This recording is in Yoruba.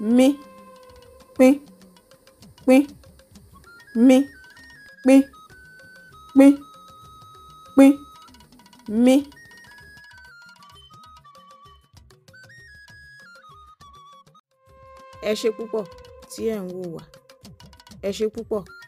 mí pín pín mí pín pín pín mí. ẹ ṣé púpọ̀ tí ẹ̀ ń wò wá ẹ ṣé púpọ̀.